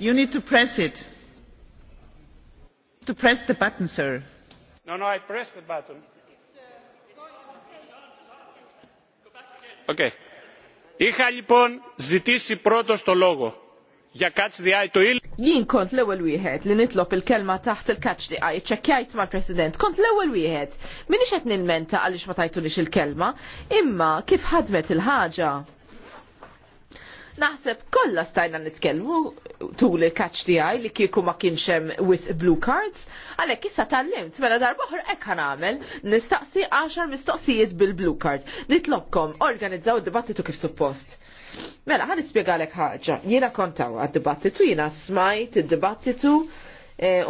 You need to press it. To press the button, sir. No, no, I pressed the button. Okay. Είχα λοιπόν ζητήσει πρώτος το λόγο για catch the eye to Jien kont l-ewwel wieħed li nitlob il-kelma taħt il kaċċ the eye ċekkjajt mal-President. Kont l-ewwel wieħed. Minix qed nilmenta għaliex ma tajtulix il-kelma, imma kif ħadmet il-ħaġa. Naħseb kollha stajna nitkellmu tul il-kaċ tiegħi li kieku ma kienx hemm with blue cards, għalhekk issa tallimt mela darba oħra hekk ħanamel nistaqsi 10 mistoqsijiet bil-blue cards. Nitlobkom organizzaw id-dibattitu kif suppost. Mela, ħan ispiegalek ħaġa. Jiena kontaw għad-dibattitu, jiena smajt id-dibattitu, eh,